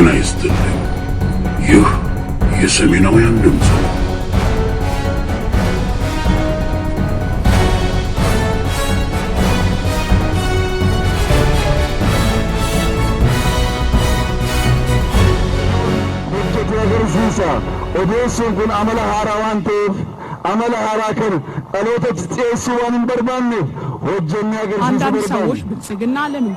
Машина издыхла. Юх, я сами на моем думце. Odeessuun kun amala haaraa waan ta'eef amala haaraa kana dhalootaatti dhiyeessuu waan hin barbaanneef hojjennee agarsiisuu barbaanne. Andaani sawosh bilchiginaa lemin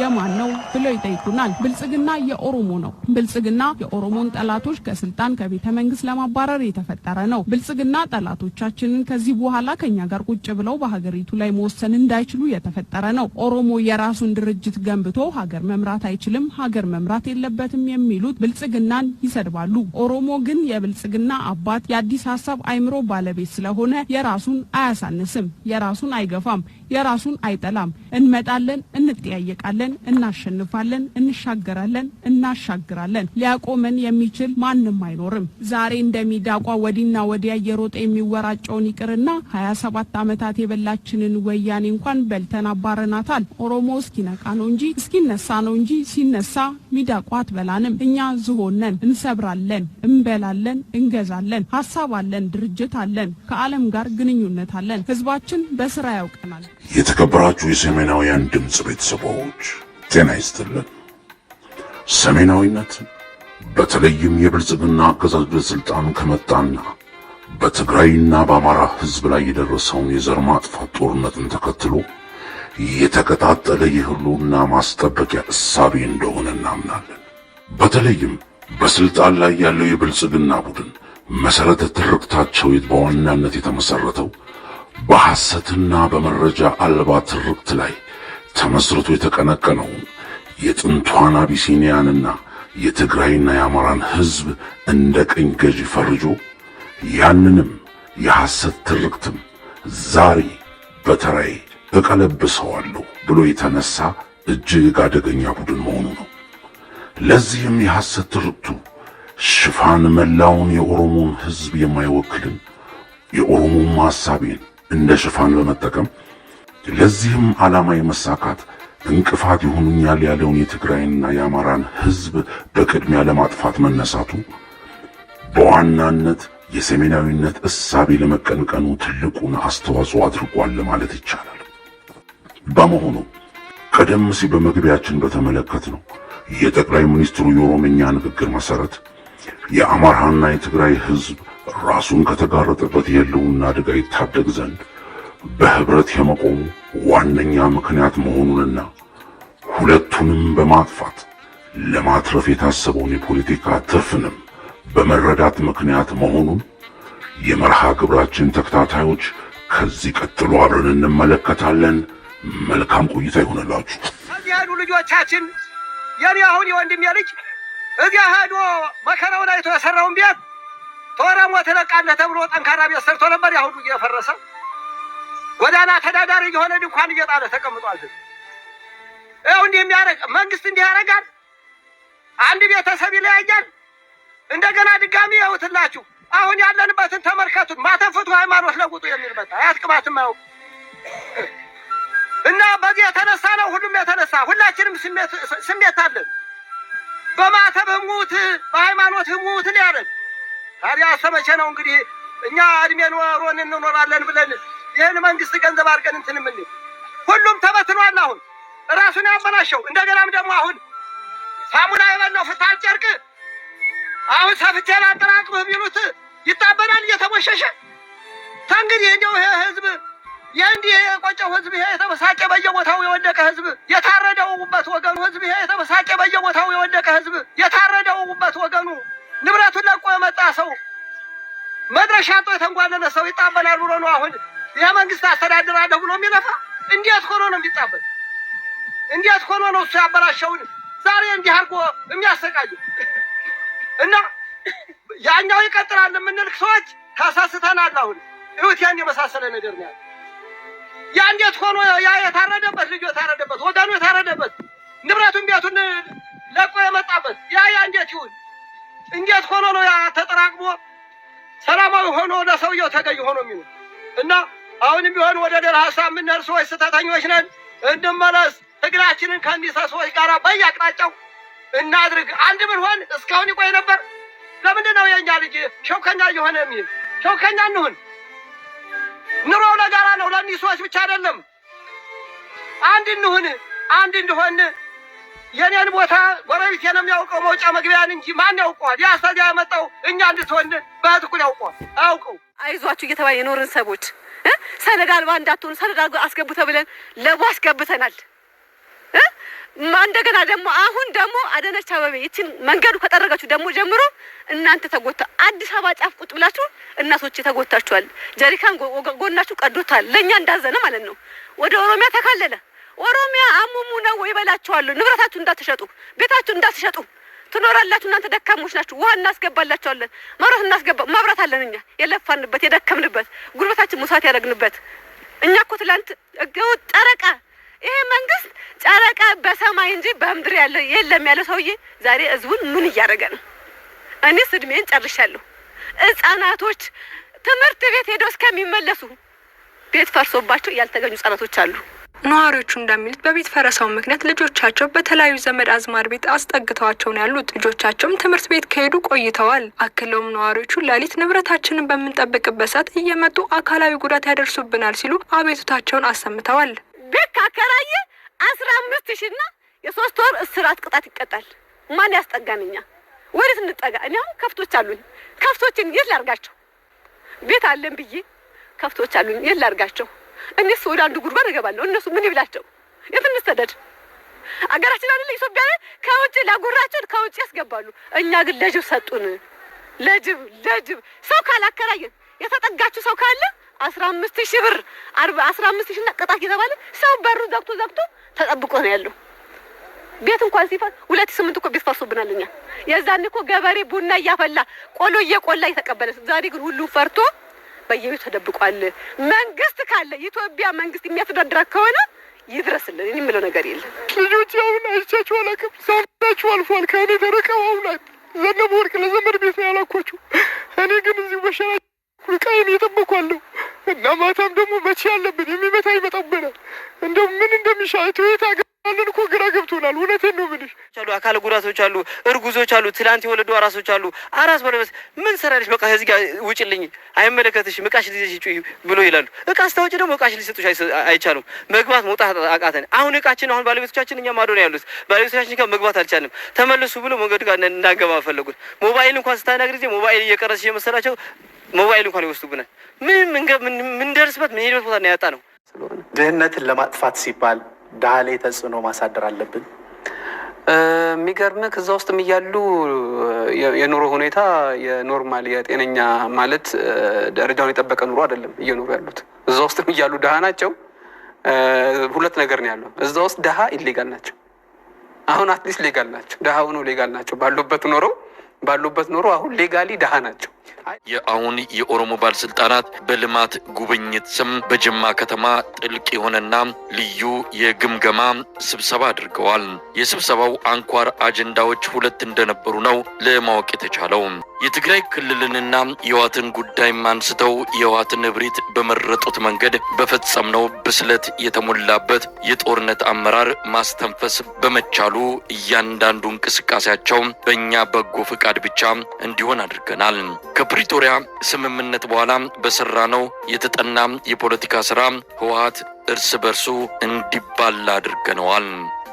የማን ነው ብለው ይጠይቁናል። ብልጽግና የኦሮሞ ነው። ብልጽግና የኦሮሞን ጠላቶች ከስልጣን ከቤተ መንግስት ለማባረር የተፈጠረ ነው። ብልጽግና ጠላቶቻችንን ከዚህ በኋላ ከኛ ጋር ቁጭ ብለው በሀገሪቱ ላይ መወሰን እንዳይችሉ የተፈጠረ ነው። ኦሮሞ የራሱን ድርጅት ገንብቶ ሀገር መምራት አይችልም፣ ሀገር መምራት የለበትም የሚሉት ብልጽግናን ይሰድባሉ። ኦሮሞ ግን የብልጽግና አባት የአዲስ ሀሳብ አይምሮ ባለቤት ስለሆነ የራሱን አያሳንስም፣ የራሱን አይገፋም የራሱን አይጠላም። እንመጣለን፣ እንጠያየቃለን፣ እናሸንፋለን፣ እንሻገራለን፣ እናሻግራለን። ሊያቆመን የሚችል ማንም አይኖርም። ዛሬ እንደሚዳቋ ወዲና ወዲያ እየሮጠ የሚወራጨውን ይቅርና ሀያ ሰባት ዓመታት የበላችንን ወያኔ እንኳን በልተን አባረናታል። ኦሮሞ እስኪነቃ ነው እንጂ እስኪነሳ ነው እንጂ ሲነሳ ሚዳቋ አትበላንም። እኛ ዝሆነን እንሰብራለን፣ እንበላለን፣ እንገዛለን። ሀሳብ አለን፣ ድርጅት አለን፣ ከዓለም ጋር ግንኙነት አለን። ህዝባችን በስራ ያውቀናል። የተከበራችሁ የሰሜናውያን ድምፅ ቤተሰቦች ጤና ይስጥልን። ሰሜናዊነት በተለይም የብልጽግና አገዛዝ ወደ ከመጣና በትግራይና በአማራ ሕዝብ ላይ የደረሰውን የዘር ማጥፋት ጦርነትን ተከትሎ የተቀጣጠለ የህልውና ማስጠበቂያ እሳቤ እንደሆነ እናምናለን። በተለይም በስልጣን ላይ ያለው የብልጽግና ቡድን መሰረተ ትርክታቸው በዋናነት የተመሰረተው በሐሰትና በመረጃ አልባ ትርክት ላይ ተመስርቶ የተቀነቀነውን የጥንቷን አቢሲኒያንና የትግራይና የአማራን ሕዝብ እንደ ቅኝ ገዢ ፈርጆ ያንንም የሐሰት ትርክትም ዛሬ በተራይ እቀለብሰዋለሁ ብሎ የተነሳ እጅግ አደገኛ ቡድን መሆኑ ነው። ለዚህም የሐሰት ትርክቱ ሽፋን መላውን የኦሮሞን ሕዝብ የማይወክልን የኦሮሞን ሐሳቤን እንደ ሽፋን በመጠቀም ለዚህም ዓላማ የመሳካት እንቅፋት ይሆኑኛል ያለውን የትግራይና የአማራን ሕዝብ በቅድሚያ ለማጥፋት መነሳቱ በዋናነት የሰሜናዊነት እሳቤ ለመቀንቀኑ ትልቁን አስተዋጽኦ አድርጓል ለማለት ይቻላል። በመሆኑ ቀደም ሲል በመግቢያችን በተመለከት ነው የጠቅላይ ሚኒስትሩ የኦሮምኛ ንግግር መሰረት የአማራና የትግራይ ህዝብ ራሱን ከተጋረጠበት የህልውና አደጋ ይታደግ ዘንድ በህብረት የመቆሙ ዋነኛ ምክንያት መሆኑንና ሁለቱንም በማጥፋት ለማትረፍ የታሰበውን የፖለቲካ ትርፍንም በመረዳት ምክንያት መሆኑን የመርሃ ግብራችን ተከታታዮች ከዚህ ቀጥሎ አብረን እንመለከታለን። መልካም ቆይታ ያሉ ልጆቻችን የኔ አሁን የወንድሜ ልጅ እዚያ ሄዶ መከራውን አይቶ የሰራውን ቤት ተወረሞ ትለቃለህ ተብሎ ጠንካራ ቤት ሰርቶ ነበር። ያሁዱ እየፈረሰ ጎዳና ተዳዳሪ የሆነ ድንኳን እየጣለ ተቀምጧል። ይኸው እንዲህ የሚያደርግ መንግስት እንዲህ ያደርጋል። አንድ ቤተሰብ ይለያያል። እንደገና ድጋሚ ያውትላችሁ አሁን ያለንበትን ተመልከቱን። ማተፍቱ ሃይማኖት ለውጡ የሚል መጣ። አያጥቅማትም አያውቅ እና በዚህ የተነሳ ነው ሁሉም የተነሳ ሁላችንም ስሜት አለን። በማተብ ሙት፣ በሃይማኖት ሙት ነው ያለን። ታዲያ ሰመቼ ነው እንግዲህ እኛ እድሜ ኖሮን እንኖራለን ብለን ይህን መንግስት ገንዘብ አድርገን እንትን ምን ሁሉም ተበትኗል። አሁን ራሱን ያበላሸው እንደገናም ደግሞ አሁን ሳሙና የበለው ፍታል ጨርቅ አሁን ሰፍቼን አጠራቅምህ ቢሉት ይጣበናል እየተሞሸሸ ተንግዲህ እንዲያው ህዝብ የአንድ የቆጨው ህዝብ ይሄ የተበሳጨ በየቦታው የወደቀ ህዝብ የታረደውበት ወገኑ ህዝብ ይሄ የተበሳጨ በየቦታው የወደቀ ህዝብ የታረደውበት ወገኑ ንብረቱን ለቆ የመጣ ሰው መድረሻ አጥቶ የተንጓለለ ሰው ይጣበላል ብሎ ነው አሁን የመንግስት መንግስት አስተዳድራለሁ ብሎ የሚለፋ እንዴት ሆኖ ነው የሚጣበል? እንዴት ሆኖ ነው እሱ ያበላሸውን ዛሬ እንዲህ አድርጎ የሚያሰቃየው? እና ያኛው ይቀጥላል የምንልክ ሰዎች ተሳስተናል። አሁን እዩት ያን የመሳሰለ ነገር ነው ያለ ያ እንዴት ሆኖ ያ የታረደበት ልጁ የታረደበት ወገኑ የታረደበት ንብረቱን ቤቱን ለቆ የመጣበት ያ ያ እንዴት ይሁን? እንዴት ሆኖ ነው ያ ተጠራቅሞ ሰላማዊ ሆኖ ለሰውየው ተገኝ ሆኖ የሚሉ እና አሁንም ቢሆን ወደ ደር ሀሳብ የምንሄድ ሰዎች ስህተተኞች ነን፣ እንድመለስ ትግላችንን ከእንዲሰ ሰዎች ጋር በየአቅጣጫው እናድርግ። አንድ ብንሆን እስካሁን ይቆይ ነበር። ለምንድን ነው የእኛ ልጅ ሸውከኛ እየሆነ የሚል ሸውከኛ እንሁን። ኑሮ ለጋራ ነው፣ ለሚስቶች ብቻ አይደለም። አንድ እንሁን፣ አንድ እንድሆን። የኔን ቦታ ጎረቤት የሚያውቀው መውጫ መግቢያን እንጂ ማን ያውቀዋል? ያ ያመጣው እኛ እንድትሆን በህት እኩል ያውቀዋል። አያውቀው አይዟችሁ እየተባለ የኖርን ሰዎች ሰነድ አልባ እንዳትሆኑ ሰነድ አስገቡ ተብለን ለቦ አስገብተናል። እንደገና ደግሞ አሁን ደግሞ አዳነች አበቤ ይችን መንገዱ ከጠረገችሁ ደግሞ ጀምሮ እናንተ ተጎታ አዲስ አበባ ጫፍ ቁጭ ብላችሁ እናቶች ተጎታችኋል። ጀሪካን ጎናችሁ ቀዶታል። ለእኛ እንዳዘነ ማለት ነው። ወደ ኦሮሚያ ተካለለ። ኦሮሚያ አሙሙ ነው ወይ በላችኋለሁ። ንብረታችሁ እንዳትሸጡ፣ ቤታችሁ እንዳትሸጡ ትኖራላችሁ። እናንተ ደካሞች ናችሁ። ውሃ እናስገባላችኋለን፣ መብራት እናስገባ መብራት አለን እኛ የለፋንበት የደከምንበት ጉልበታችን ሙሳት ያደረግንበት እኛ እኮ ትላንት ጨረቃ ይሄ መንግስት ጨረቃ በሰማይ እንጂ በምድር ያለ የለም ያለው ሰውዬ ዛሬ ህዝቡን ምን እያደረገ ነው? እኔስ እድሜን ጨርሻለሁ። ህጻናቶች ትምህርት ቤት ሄደው እስከሚመለሱ ቤት ፈርሶባቸው ያልተገኙ ህጻናቶች አሉ። ነዋሪዎቹ እንደሚሉት በቤት ፈረሳው ምክንያት ልጆቻቸው በተለያዩ ዘመድ አዝማር ቤት አስጠግተዋቸው ነው ያሉት። ልጆቻቸውም ትምህርት ቤት ከሄዱ ቆይተዋል። አክለውም ነዋሪዎቹ ሌሊት ንብረታችንን በምንጠብቅበት ሰዓት እየመጡ አካላዊ ጉዳት ያደርሱብናል ሲሉ አቤቱታቸውን አሰምተዋል። ቤት ካከራየ አስራ አምስት ሺህ እና የሶስት ወር እስራት ቅጣት ይቀጣል። ማን ያስጠጋን? እኛ ወዴት እንጠጋ? እኔ አሁን ከብቶች አሉኝ። ከብቶችን የት ላርጋቸው? ቤት አለን ብዬ ከፍቶች አሉኝ። የት ላርጋቸው? እኔስ ወደ አንዱ ጉድጓድ እገባለሁ። እነሱ ምን ይብላቸው? የት እንሰደድ? አገራችን አይደለ ኢትዮጵያ ላይ ከውጭ ላጉራቸውን ከውጭ ያስገባሉ። እኛ ግን ለጅብ ሰጡን። ለጅብ ለጅብ ሰው ካላከራየን የተጠጋችሁ ሰው ካለ አስራ አምስት ሺህ ብር አስራ አምስት ሺህ እና ቅጣት እየተባለ ሰው በሩ ዘግቶ ዘግቶ ተጠብቆ ነው ያለው። ቤት እንኳን ሲፈርስ ሁለት ስምንት እኮ ቤት ፈርሶብናል። እኛ የዛኔ እኮ ገበሬ ቡና እያፈላ ቆሎ እየቆላ እየተቀበለ፣ ዛሬ ግን ሁሉም ፈርቶ በየቤቱ ተደብቋል። መንግስት ካለ የኢትዮጵያ መንግስት የሚያስተዳድራ ከሆነ ይድረስልን። እኔ የምለው ነገር የለም። ልጆች አሁን አይቻችሁ አላውቅም። ሰምታችሁ አልፏል። ከእኔ ተረቀው አሁናት ዘነበ ወርቅ ለዘመድ ቤት ነው ያላኳችሁ። እኔ ግን እዚሁ በሸራ ቃይን እየጠበኳለሁ እና ማታም ደግሞ መቼ ያለብን የሚመታ ይመጣብናል። እንደው ምን እንደሚሻ አይቶ የት አገባለን እኮ ግራ ገብቶናል። እውነቴን ነው የምልሽ። አካል ጉዳቶች አሉ አራሶች አሉ፣ ትላንት የወለዱ አራሶች አሉ። አራስ በለበስ ምን ሰራልሽ? በቃ እዚህ ጋር ውጭልኝ፣ አይመለከትሽም፣ እቃሽ ሊዘሽ ውጪ ብሎ ይላሉ። እቃ ስታውጪ ደግሞ እቃሽ ሊሰጡሽ አይቻሉም። መግባት መውጣት አቃተን። አሁን እቃችን አሁን ባለቤቶቻችን እኛ ማዶ ነው ያሉት። ባለቤቶቻችን ጋር መግባት አልቻልንም። ተመለሱ ብሎ መንገድ ጋር እንዳገባ ፈለጉት። ሞባይል እንኳን ስታናግር ጊዜ ሞባይል እየቀረስሽ የመሰላቸው ሞባይል እንኳን ይወስዱብናል። ምን ምንደርስበት ምንሄድበት ቦታ ነው ያጣ ነው። ድህነትን ለማጥፋት ሲባል ድሃ ላይ ተጽዕኖ ማሳደር አለብን። የሚገርምህ ከዛ ውስጥም እያሉ የኑሮ ሁኔታ የኖርማል የጤነኛ ማለት ደረጃውን የጠበቀ ኑሮ አይደለም እየኖሩ ያሉት። እዛ ውስጥም እያሉ ድሃ ናቸው። ሁለት ነገር ነው ያለው። እዛ ውስጥ ድሃ ኢሌጋል ናቸው። አሁን አትሊስት ሌጋል ናቸው። ድሃ ሆኖ ሌጋል ናቸው ባሉበት ኖረው ባሉበት ኖሮ አሁን ሌጋሊ ድሃ ናቸው። የአሁን የኦሮሞ ባለስልጣናት በልማት ጉብኝት ስም በጅማ ከተማ ጥልቅ የሆነና ልዩ የግምገማ ስብሰባ አድርገዋል። የስብሰባው አንኳር አጀንዳዎች ሁለት እንደነበሩ ነው ለማወቅ የተቻለው። የትግራይ ክልልንና የህወሓትን ጉዳይም አንስተው የህወሓትን እብሪት በመረጡት መንገድ በፈጸምነው ብስለት የተሞላበት የጦርነት አመራር ማስተንፈስ በመቻሉ እያንዳንዱ እንቅስቃሴያቸው በእኛ በጎ ፈቃድ ብቻ እንዲሆን አድርገናል። ከፕሪቶሪያ ስምምነት በኋላ በሰራ ነው የተጠና የፖለቲካ ስራ ህወሀት እርስ በርሱ እንዲባላ አድርገነዋል።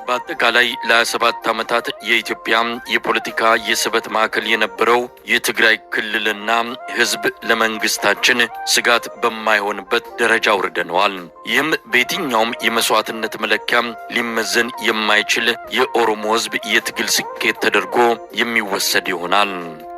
በአጠቃላይ ለሰባት ዓመታት የኢትዮጵያ የፖለቲካ የስበት ማዕከል የነበረው የትግራይ ክልልና ህዝብ ለመንግስታችን ስጋት በማይሆንበት ደረጃ አውርደነዋል። ይህም በየትኛውም የመስዋዕትነት መለኪያ ሊመዘን የማይችል የኦሮሞ ህዝብ የትግል ስኬት ተደርጎ የሚወሰድ ይሆናል።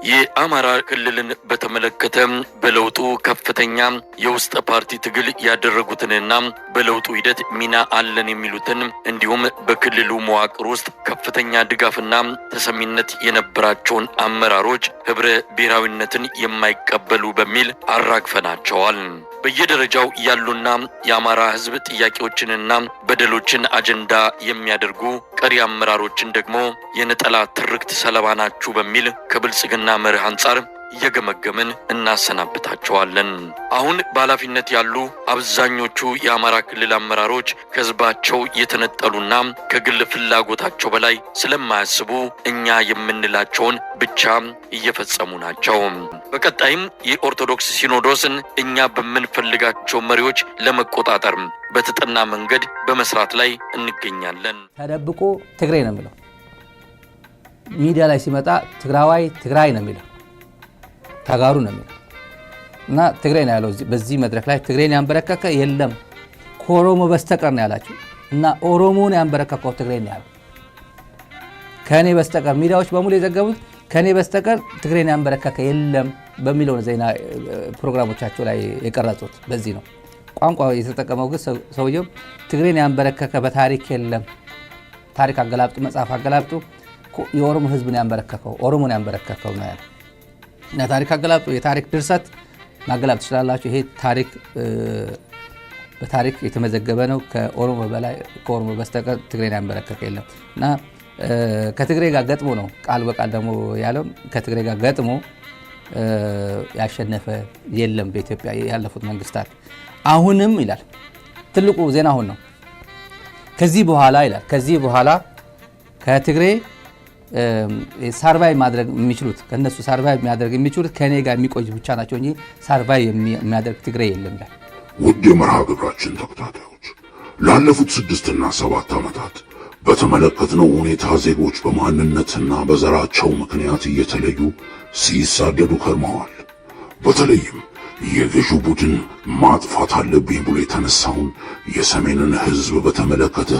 የአማራ ክልልን በተመለከተ በለውጡ ከፍተኛ የውስጥ ፓርቲ ትግል ያደረጉትንና በለውጡ ሂደት ሚና አለን የሚሉትን እንዲሁም በክልሉ መዋቅር ውስጥ ከፍተኛ ድጋፍና ተሰሚነት የነበራቸውን አመራሮች ህብረ ብሔራዊነትን የማይቀበሉ በሚል አራግፈናቸዋል። በየደረጃው ያሉና የአማራ ህዝብ ጥያቄዎችንና በደሎችን አጀንዳ የሚያደርጉ ቀሪ አመራሮችን ደግሞ የነጠላ ትርክት ሰለባ ናችሁ በሚል ከብልጽግና መርህ አንጻር እየገመገምን እናሰናብታቸዋለን። አሁን በኃላፊነት ያሉ አብዛኞቹ የአማራ ክልል አመራሮች ከህዝባቸው የተነጠሉና ከግል ፍላጎታቸው በላይ ስለማያስቡ እኛ የምንላቸውን ብቻ እየፈጸሙ ናቸው። በቀጣይም የኦርቶዶክስ ሲኖዶስን እኛ በምንፈልጋቸው መሪዎች ለመቆጣጠር በተጠና መንገድ በመስራት ላይ እንገኛለን። ተደብቆ ትግሬ ነው የሚለው ሚዲያ ላይ ሲመጣ ትግራዋይ ትግራይ ነው የሚለው ተጋሩ ነው የሚለው እና ትግሬ ነው ያለው። በዚህ መድረክ ላይ ትግሬን ያንበረከከ የለም ከኦሮሞ በስተቀር ነው ያላቸው እና ኦሮሞን ያንበረከከው ትግሬ ያለ ከእኔ በስተቀር ሚዲያዎች በሙሉ የዘገቡት ከእኔ በስተቀር ትግሬን ያንበረከከ የለም በሚለው ዜና ፕሮግራሞቻቸው ላይ የቀረጹት በዚህ ነው። ቋንቋ የተጠቀመው ግን ሰውየው ትግሬን ያንበረከከ በታሪክ የለም። ታሪክ አገላብጡ፣ መጽሐፍ አገላብጡ የኦሮሞ ህዝብን ያንበረከከው ኦሮሞን ያንበረከከው ነው ያለው። ታሪክ አገላብጦ የታሪክ ድርሰት ማገላብ ትችላላችሁ። ይሄ ታሪክ በታሪክ የተመዘገበ ነው። ከኦሮሞ በላይ ከኦሮሞ በስተቀር ትግሬን ያንበረከከ የለም እና ከትግሬ ጋር ገጥሞ ነው ቃል በቃል ደግሞ ያለው ከትግሬ ጋር ገጥሞ ያሸነፈ የለም በኢትዮጵያ ያለፉት መንግስታት። አሁንም ይላል ትልቁ ዜና አሁን ነው። ከዚህ በኋላ ይላል ከዚህ በኋላ ከትግሬ ሳርቫይ ማድረግ የሚችሉት ከነሱ ሳርቫይ የሚያደርግ የሚችሉት ከእኔ ጋር የሚቆይ ብቻ ናቸው እንጂ ሳርቫይ የሚያደርግ ትግራይ የለም ይላል። ውድ የመርሃ ግብራችን ተከታታዮች ላለፉት ስድስትና ሰባት ዓመታት በተመለከትነው ሁኔታ ዜጎች በማንነትና በዘራቸው ምክንያት እየተለዩ ሲሳደዱ ከርመዋል። በተለይም የገዢ ቡድን ማጥፋት አለብኝ ብሎ የተነሳውን የሰሜንን ሕዝብ በተመለከተ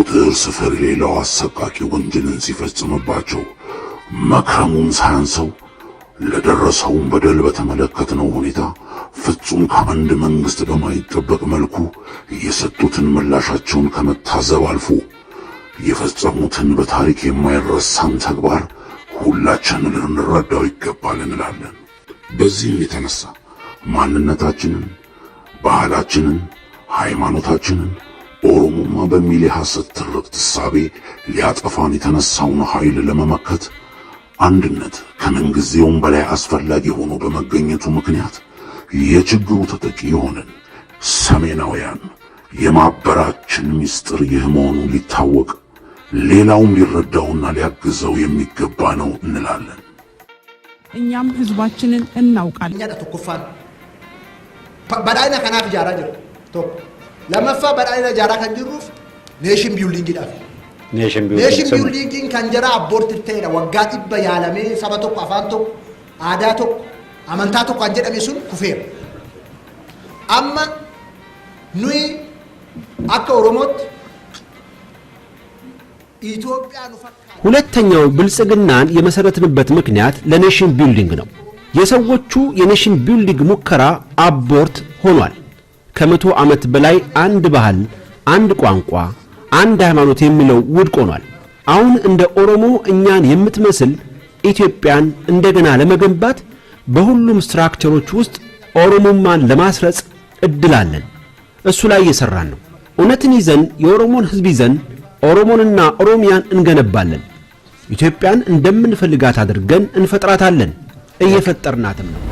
ቁጥር ስፍር ሌላው አሰቃቂ ወንጀልን ሲፈጽምባቸው መክረሙም ሳያንሰው ለደረሰውን በደል በተመለከትነው ሁኔታ ፍጹም ከአንድ መንግሥት በማይጠበቅ መልኩ የሰጡትን ምላሻቸውን ከመታዘብ አልፎ የፈጸሙትን በታሪክ የማይረሳን ተግባር ሁላችንን ልንረዳው ይገባል እንላለን። በዚህም የተነሳ ማንነታችንን፣ ባህላችንን፣ ሃይማኖታችንን ኦሮሞማ በሚል የሐሰት ትርክት እሳቤ ሊያጠፋን የተነሳውን ኃይል ለመመከት አንድነት ከምንጊዜውም በላይ አስፈላጊ ሆኖ በመገኘቱ ምክንያት የችግሩ ተጠቂ የሆንን ሰሜናውያን የማበራችን ምስጢር ይህ መሆኑ ሊታወቅ ሌላውም ሊረዳውና ሊያግዘው የሚገባ ነው እንላለን። እኛም ህዝባችንን እናውቃለን። badhaadhina kanaaf ijaaraa jira tokko lammaffaa badhaadhina ijaaraa kan jirruuf neeshin biyuldiingiidhaaf. Neeshin biyuldiingiin kan jira abboorti ta'edha waggaa dhibba yaalamee saba tokko afaan tokko aadaa tokko amantaa tokko kan jedhame sun kufeera. Amma nuyi akka Oromootti ሁለተኛው ብልጽግናን የመሰረትንበት ምክንያት ለኔሽን ቢልዲንግ ነው። የሰዎቹ የኔሽን ቢልዲንግ ሙከራ አቦርት ሆኗል። ከመቶ ዓመት በላይ አንድ ባህል፣ አንድ ቋንቋ፣ አንድ ሃይማኖት የሚለው ውድቅ ሆኗል። አሁን እንደ ኦሮሞ እኛን የምትመስል ኢትዮጵያን እንደገና ለመገንባት በሁሉም ስትራክቸሮች ውስጥ ኦሮሞማን ለማስረጽ እድል አለን። እሱ ላይ እየሠራን ነው። እውነትን ይዘን የኦሮሞን ሕዝብ ይዘን ኦሮሞንና ኦሮሚያን እንገነባለን። ኢትዮጵያን እንደምንፈልጋት አድርገን እንፈጥራታለን። እየፈጠርናትም ነው።